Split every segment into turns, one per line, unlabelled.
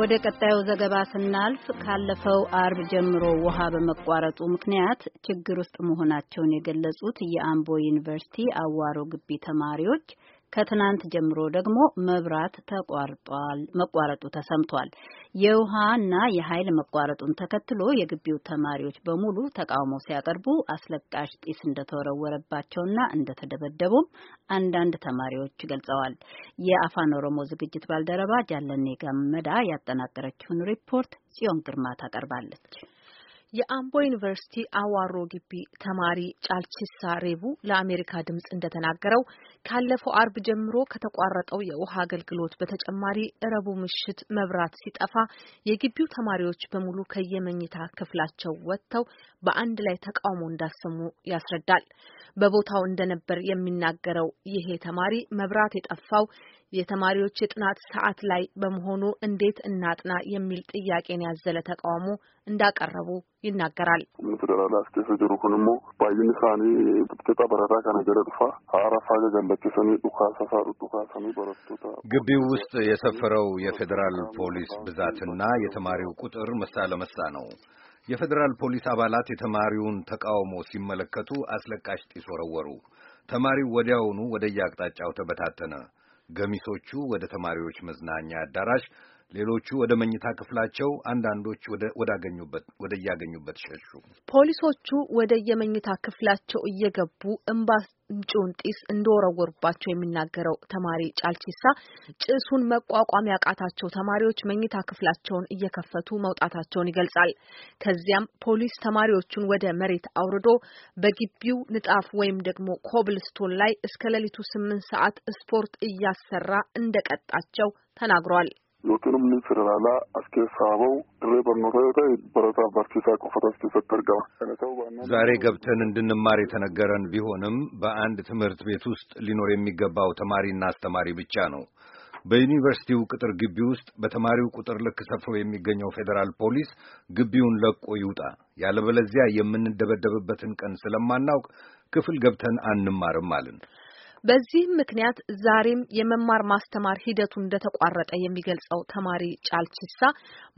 ወደ ቀጣዩ ዘገባ ስናልፍ ካለፈው አርብ ጀምሮ ውሃ በመቋረጡ ምክንያት ችግር ውስጥ መሆናቸውን የገለጹት የአምቦ ዩኒቨርሲቲ አዋሮ ግቢ ተማሪዎች ከትናንት ጀምሮ ደግሞ መብራት ተቋርጧል መቋረጡ ተሰምቷል። የውሃና የኃይል መቋረጡን ተከትሎ የግቢው ተማሪዎች በሙሉ ተቃውሞ ሲያቀርቡ አስለቃሽ ጢስ እንደተወረወረባቸውና እንደተደበደቡም አንዳንድ ተማሪዎች ገልጸዋል። የአፋን ኦሮሞ ዝግጅት ባልደረባ ጃለኔ ገመዳ ያጠናቀረችውን ሪፖርት ጽዮን ግርማ ታቀርባለች።
የአምቦ ዩኒቨርሲቲ አዋሮ ግቢ ተማሪ ጫልቺሳ ሬቡ ለአሜሪካ ድምጽ እንደተናገረው ካለፈው አርብ ጀምሮ ከተቋረጠው የውሃ አገልግሎት በተጨማሪ ረቡ ምሽት መብራት ሲጠፋ የግቢው ተማሪዎች በሙሉ ከየመኝታ ክፍላቸው ወጥተው በአንድ ላይ ተቃውሞ እንዳሰሙ ያስረዳል። በቦታው እንደነበር የሚናገረው ይሄ ተማሪ መብራት የጠፋው የተማሪዎች የጥናት ሰዓት ላይ በመሆኑ እንዴት እናጥና የሚል ጥያቄን ያዘለ ተቃውሞ እንዳቀረቡ ይናገራል።
ግቢው ውስጥ የሰፈረው የፌዴራል ፖሊስ ብዛትና የተማሪው ቁጥር መሳ ለመሳ ነው። የፌዴራል ፖሊስ አባላት የተማሪውን ተቃውሞ ሲመለከቱ አስለቃሽ ጢስ ወረወሩ። ተማሪው ወዲያውኑ ወደየአቅጣጫው ተበታተነ። ገሚሶቹ ወደ ተማሪዎች መዝናኛ አዳራሽ ሌሎቹ ወደ መኝታ ክፍላቸው፣ አንዳንዶች ወዳገኙበት ወደያገኙበት ሸሹ።
ፖሊሶቹ ወደ የመኝታ ክፍላቸው እየገቡ እምባ ምንጩን ጢስ እንደወረወሩባቸው የሚናገረው ተማሪ ጫልቺሳ ጭሱን መቋቋም ያቃታቸው ተማሪዎች መኝታ ክፍላቸውን እየከፈቱ መውጣታቸውን ይገልጻል። ከዚያም ፖሊስ ተማሪዎቹን ወደ መሬት አውርዶ በግቢው ንጣፍ ወይም ደግሞ ኮብልስቶን ላይ እስከ ሌሊቱ ስምንት ሰዓት ስፖርት እያሰራ እንደቀጣቸው ተናግሯል። yookiin federaalaa as keessaa saabau dirree barnootaa yoo ta'e barataa barsiisaa as keessatti argama ዛሬ
ገብተን እንድንማር የተነገረን ቢሆንም በአንድ ትምህርት ቤት ውስጥ ሊኖር የሚገባው ተማሪና አስተማሪ ብቻ ነው። በዩኒቨርሲቲው ቅጥር ግቢ ውስጥ በተማሪው ቁጥር ልክ ሰፍሮ የሚገኘው ፌዴራል ፖሊስ ግቢውን ለቆ ይውጣ፣ ያለበለዚያ የምንደበደብበትን ቀን ስለማናውቅ ክፍል ገብተን አንማርም አልን።
በዚህም ምክንያት ዛሬም የመማር ማስተማር ሂደቱ እንደተቋረጠ የሚገልጸው ተማሪ ጫልቺሳ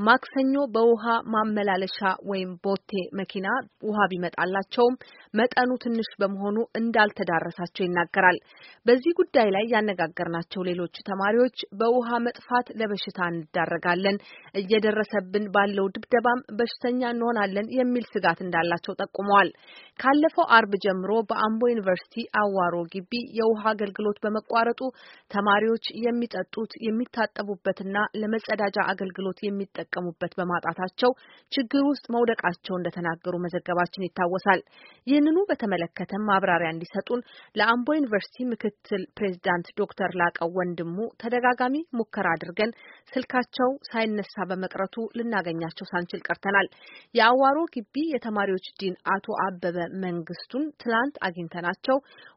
ማክሰኞ በውሃ ማመላለሻ ወይም ቦቴ መኪና ውሃ ቢመጣላቸውም መጠኑ ትንሽ በመሆኑ እንዳልተዳረሳቸው ይናገራል። በዚህ ጉዳይ ላይ ያነጋገርናቸው ሌሎች ተማሪዎች በውሃ መጥፋት ለበሽታ እንዳረጋለን እየደረሰብን ባለው ድብደባም በሽተኛ እንሆናለን የሚል ስጋት እንዳላቸው ጠቁመዋል። ካለፈው አርብ ጀምሮ በአምቦ ዩኒቨርሲቲ አዋሮ ግቢ የውሃ አገልግሎት በመቋረጡ ተማሪዎች የሚጠጡት የሚታጠቡበትና ለመጸዳጃ አገልግሎት የሚጠቀሙበት በማጣታቸው ችግር ውስጥ መውደቃቸው እንደተናገሩ መዘገባችን ይታወሳል። ይህንኑ በተመለከተ ማብራሪያ እንዲሰጡን ለአምቦ ዩኒቨርሲቲ ምክትል ፕሬዚዳንት ዶክተር ላቀው ወንድሙ ተደጋጋሚ ሙከራ አድርገን ስልካቸው ሳይነሳ በመቅረቱ ልናገኛቸው ሳንችል ቀርተናል። የአዋሮ ግቢ የተማሪዎች ዲን አቶ አበበ መንግስቱን ትላንት አግኝተናቸው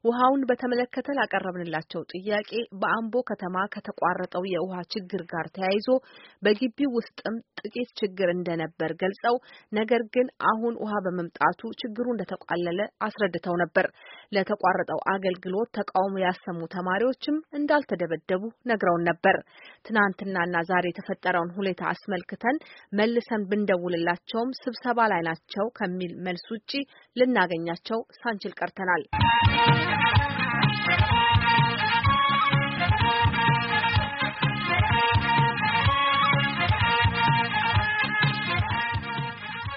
ውሃውን በተመለከተ ላቀረብንላቸው ጥያቄ በአምቦ ከተማ ከተቋረጠው የውሃ ችግር ጋር ተያይዞ በግቢ ውስጥም ጥቂት ችግር እንደነበር ገልጸው ነገር ግን አሁን ውሃ በመምጣቱ ችግሩ እንደተቋለለ አስረድተው ነበር። ለተቋረጠው አገልግሎት ተቃውሞ ያሰሙ ተማሪዎችም እንዳልተደበደቡ ነግረውን ነበር። ትናንትናና ዛሬ የተፈጠረውን ሁኔታ አስመልክተን መልሰን ብንደውልላቸውም ስብሰባ ላይ ናቸው ከሚል መልስ ውጪ ልናገኛቸው ሳንችል ቀርተናል።